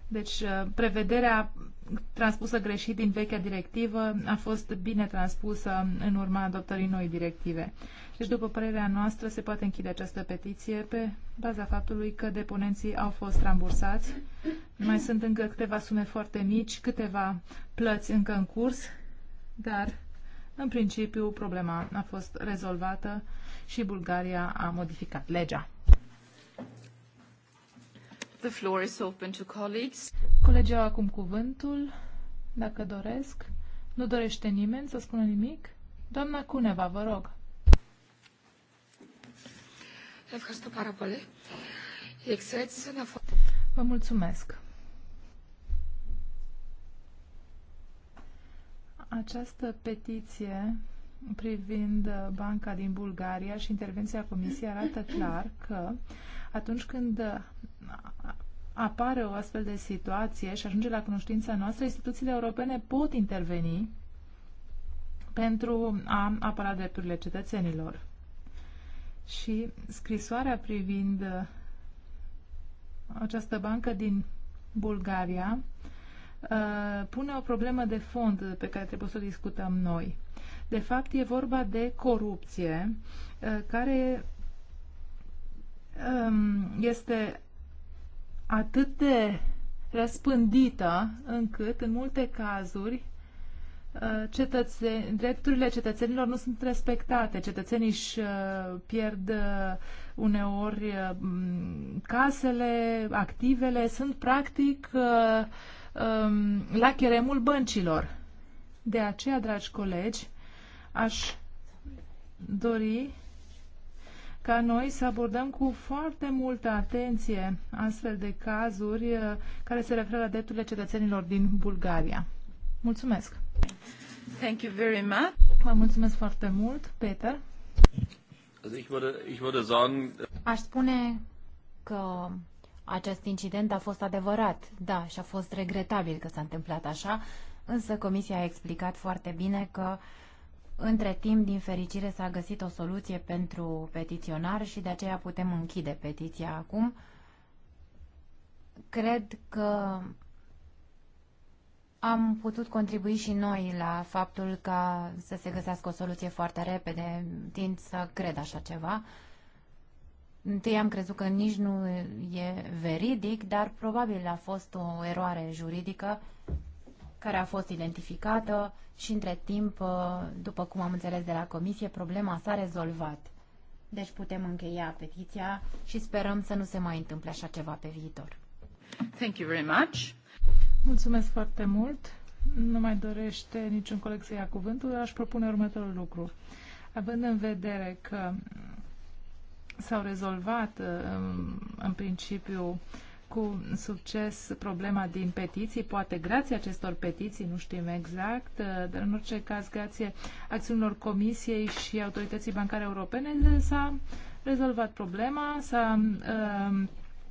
Deci, uh, prevederea transpusă greșit din vechea directivă a fost bine transpusă în urma adoptării noi directive. Deci, după părerea noastră, se poate închide această petiție pe baza faptului că deponenții au fost rambursați. Mai sunt încă câteva sume foarte mici, câteva plăți încă în curs, dar, în principiu, problema a fost rezolvată și Bulgaria a modificat legea. The floor is open to colleagues. Colegii au acum cuvântul, dacă doresc. Nu dorește nimeni să spună nimic? Doamna Cuneva, vă rog. Vă mulțumesc. Această petiție privind uh, banca din Bulgaria și intervenția Comisiei arată clar că atunci când uh, apare o astfel de situație și ajunge la cunoștința noastră, instituțiile europene pot interveni pentru a apăra drepturile cetățenilor. Și scrisoarea privind uh, această bancă din Bulgaria pune o problemă de fond pe care trebuie să o discutăm noi. De fapt, e vorba de corupție uh, care um, este atât de răspândită încât, în multe cazuri, uh, cetățe... drepturile cetățenilor nu sunt respectate. Cetățenii își uh, pierd uneori casele, activele, sunt practic um, la cheremul băncilor. De aceea, dragi colegi, Aș dori ca noi să abordăm cu foarte multă atenție astfel de cazuri uh, care se referă la drepturile cetățenilor din Bulgaria. Mulțumesc! Thank you very much. Vă mulțumesc foarte mult, Peter. Aș spune că acest incident a fost adevărat, da, și a fost regretabil că s-a întâmplat așa, însă Comisia a explicat foarte bine că uh, între timp, din fericire, s-a găsit o soluție pentru petiționar și de aceea putem închide petiția acum. Cred că am putut contribui și noi la faptul ca să se găsească o soluție foarte repede, tind să cred așa ceva. Întâi am crezut că nici nu e veridic, dar probabil a fost o eroare juridică care a fost identificată și între timp, uh, după cum am înțeles de la comisie, problema s-a rezolvat. Deci putem încheia petiția și sperăm să nu se mai întâmple așa ceva pe viitor. Thank you very much. Mulțumesc foarte mult. Nu mai dorește niciun coleg să ia cuvântul, aș propune următorul lucru. Având în vedere că s-au rezolvat uh, în principiu cu succes problema din petiții, poate grație acestor petiții, nu știm exact, uh, dar în orice caz grație acțiunilor Comisiei și Autorității Bancare Europene s-a rezolvat problema, s-a uh,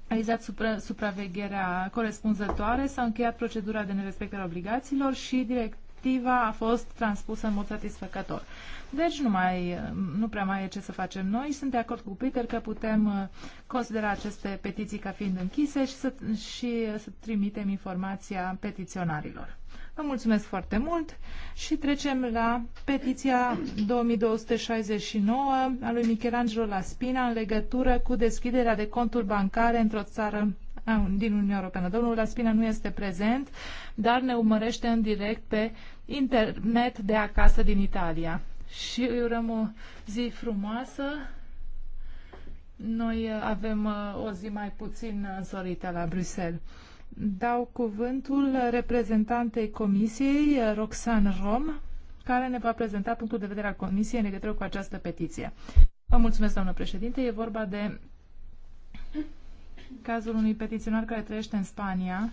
realizat supra, supravegherea corespunzătoare, s-a încheiat procedura de nerespectare a obligațiilor și direct, directiva a fost transpusă în mod satisfăcător. Deci nu, mai, nu prea mai e ce să facem noi. Sunt de acord cu Peter că putem uh, considera aceste petiții ca fiind închise și să, și să trimitem informația petiționarilor. Vă mulțumesc foarte mult și trecem la petiția 2269 a lui Michelangelo Laspina în legătură cu deschiderea de conturi bancare într-o țară Ah, din Uniunea Europeană. Domnul Laspina nu este prezent, dar ne urmărește în direct pe internet de acasă din Italia. Și îi urăm o zi frumoasă. Noi uh, avem uh, o zi mai puțin uh, însorită la Bruxelles. Dau cuvântul reprezentantei Comisiei, Roxane Rom, care ne va prezenta punctul de vedere al Comisiei în legătură cu această petiție. Vă mulțumesc, doamnă președinte. E vorba de cazul unui petiționar care trăiește în Spania,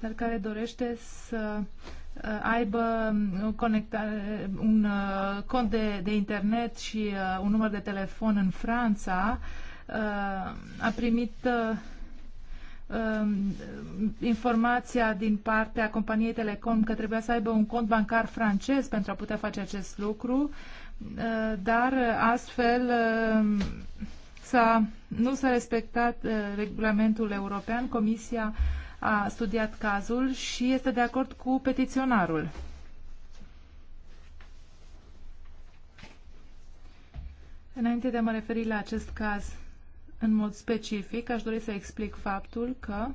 dar care dorește să uh, aibă conectare, un uh, cont de, de internet și uh, un număr de telefon în Franța, a primit um, informația din partea companiei Telecom că trebuia să aibă un cont bancar francez pentru a putea face acest lucru, dar astfel um, S-a, nu s-a respectat uh, regulamentul european, Comisia a studiat cazul și este de acord cu petiționarul. Înainte de a mă referi la acest caz în mod specific, aș dori să explic faptul că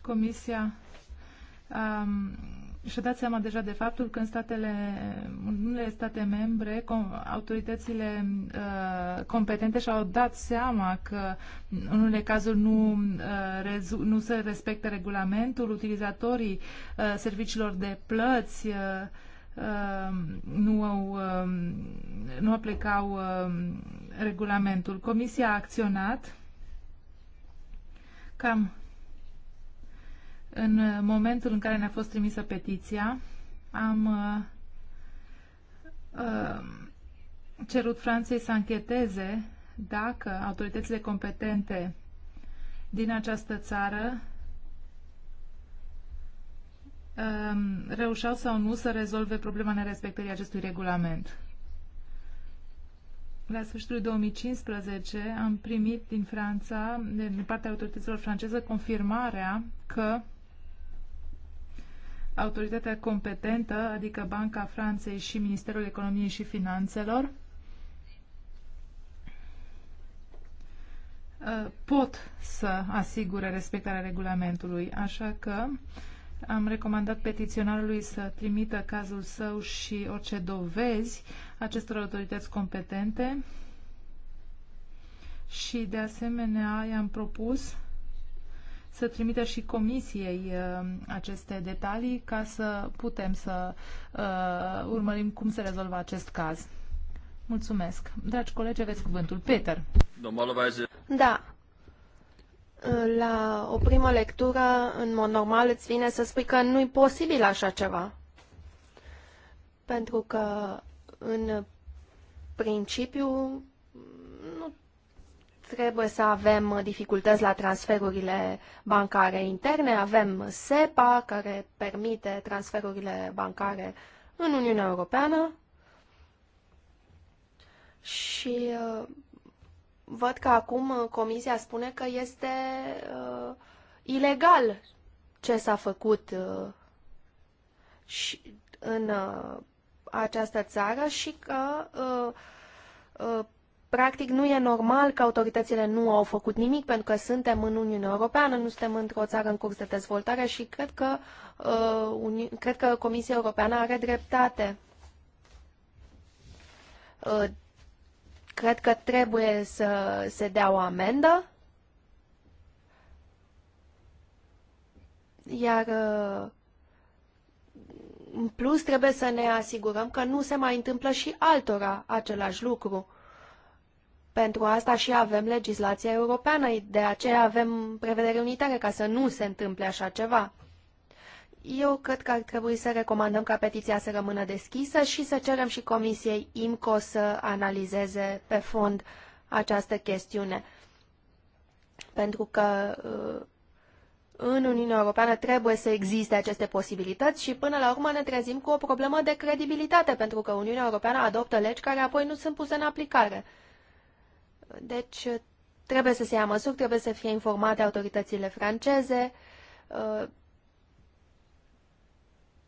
Comisia um, și-a dat seama deja de faptul că în statele, în unele state membre, com, autoritățile uh, competente și-au dat seama că în unele cazuri nu, uh, rezu, nu se respectă regulamentul, utilizatorii uh, serviciilor de plăți uh, uh, nu, au, uh, nu aplicau uh, um, regulamentul. Comisia a acționat cam în momentul în care ne-a fost trimisă petiția, am uh, uh, cerut Franței să ancheteze dacă autoritățile competente din această țară um, reușeau sau nu să rezolve problema nerespectării acestui regulament. La sfârșitul 2015 am primit din Franța, din partea autorităților franceze, confirmarea că autoritatea competentă, adică Banca Franței și Ministerul Economiei și Finanțelor, uh, pot să asigure respectarea regulamentului, așa că am recomandat petiționarului să trimită cazul său și orice dovezi acestor autorități competente și de asemenea i-am propus să trimită și comisiei uh, aceste detalii ca să putem să uh, urmărim cum se rezolvă acest caz. Mulțumesc. Dragi colegi, aveți cuvântul. Peter. Da. La o primă lectură, în mod normal, îți vine să spui că nu-i posibil așa ceva. Pentru că, în principiu, trebuie să avem dificultăți la transferurile bancare interne. Avem SEPA, care permite transferurile bancare în Uniunea Europeană. Și uh, văd că acum Comisia spune că este uh, ilegal ce s-a făcut uh, și în uh, această țară și că uh, uh, Practic nu e normal că autoritățile nu au făcut nimic pentru că suntem în Uniunea Europeană, nu suntem într-o țară în curs de dezvoltare și cred că, uh, uni, cred că Comisia Europeană are dreptate. Uh, cred că trebuie să se dea o amendă. Iar uh, în plus trebuie să ne asigurăm că nu se mai întâmplă și altora același lucru pentru asta și avem legislația europeană, de aceea avem prevedere unitare ca să nu se întâmple așa ceva. Eu cred că ar trebui să recomandăm ca petiția să rămână deschisă și să cerem și Comisiei IMCO să analizeze pe fond această chestiune. Pentru că uh, în Uniunea Europeană trebuie să existe aceste posibilități și până la urmă ne trezim cu o problemă de credibilitate, pentru că Uniunea Europeană adoptă legi care apoi nu sunt puse în aplicare. Deci trebuie să se ia măsuri, trebuie să fie informate autoritățile franceze, uh,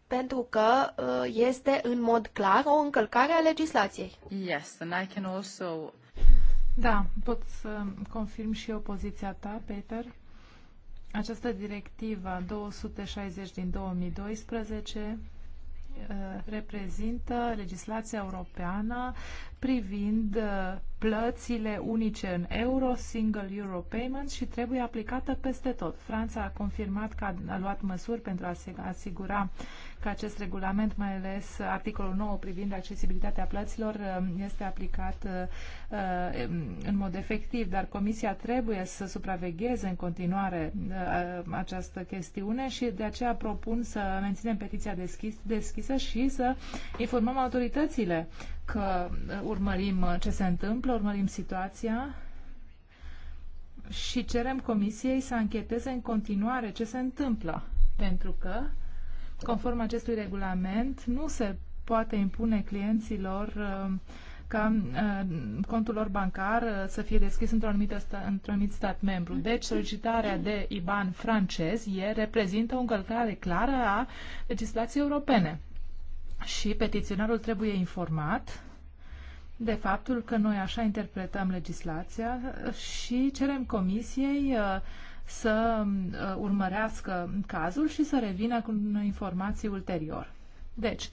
pentru că uh, este în mod clar o încălcare a legislației. Yes, and I can also... Da, pot să confirm și eu poziția ta, Peter. Această directivă 260 din 2012 Uh, reprezintă legislația europeană privind uh, plățile unice în euro, Single Euro Payments, și trebuie aplicată peste tot. Franța a confirmat că a luat măsuri pentru a se asigura uh, că acest regulament, mai ales articolul 9 privind accesibilitatea plăților, um, este aplicat uh, um, în mod efectiv, dar Comisia trebuie să supravegheze în continuare uh, această chestiune și de aceea propun să menținem petiția deschis, deschisă și să informăm autoritățile că uh, urmărim ce se întâmplă, urmărim situația și cerem Comisiei să ancheteze în continuare ce se întâmplă. Pentru că Conform acestui regulament, nu se poate impune clienților uh, ca uh, contul lor bancar uh, să fie deschis într-un anumit, într anumit stat membru. Deci, solicitarea de IBAN francez e, reprezintă o încălcare clară a legislației europene. Și petiționarul trebuie informat de faptul că noi așa interpretăm legislația și cerem comisiei uh, să uh, urmărească cazul și să revină cu informații ulterior. Deci,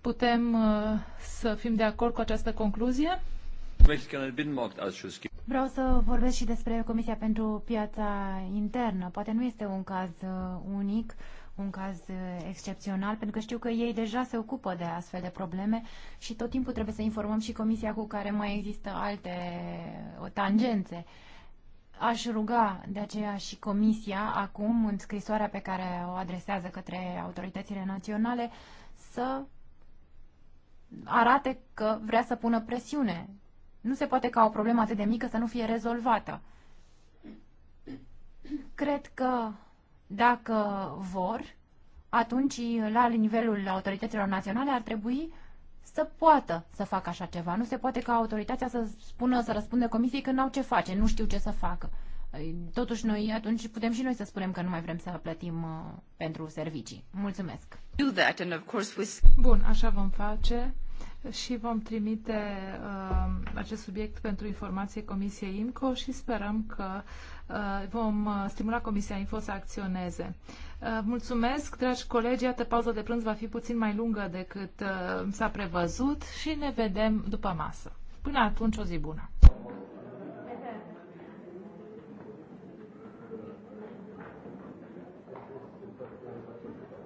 putem uh, să fim de acord cu această concluzie? Vreau să vorbesc și despre Comisia pentru Piața Internă. Poate nu este un caz uh, unic, un caz excepțional, pentru că știu că ei deja se ocupă de astfel de probleme și tot timpul trebuie să informăm și Comisia cu care mai există alte tangențe. Aș ruga de aceea și Comisia, acum, în scrisoarea pe care o adresează către autoritățile naționale, să arate că vrea să pună presiune. Nu se poate ca o problemă atât de mică să nu fie rezolvată. Cred că dacă vor, atunci la nivelul autorităților naționale ar trebui să poată să facă așa ceva. Nu se poate ca autoritatea să spună, să răspunde comisiei că n-au ce face, nu știu ce să facă. Totuși, noi atunci putem și noi să spunem că nu mai vrem să plătim uh, pentru servicii. Mulțumesc! Bun, așa vom face și vom trimite uh, acest subiect pentru informație Comisiei IMCO și sperăm că uh, vom uh, stimula Comisia INFO să acționeze. Uh, mulțumesc, dragi colegi, iată pauza de prânz va fi puțin mai lungă decât uh, s-a prevăzut și ne vedem după masă. Până atunci, o zi bună!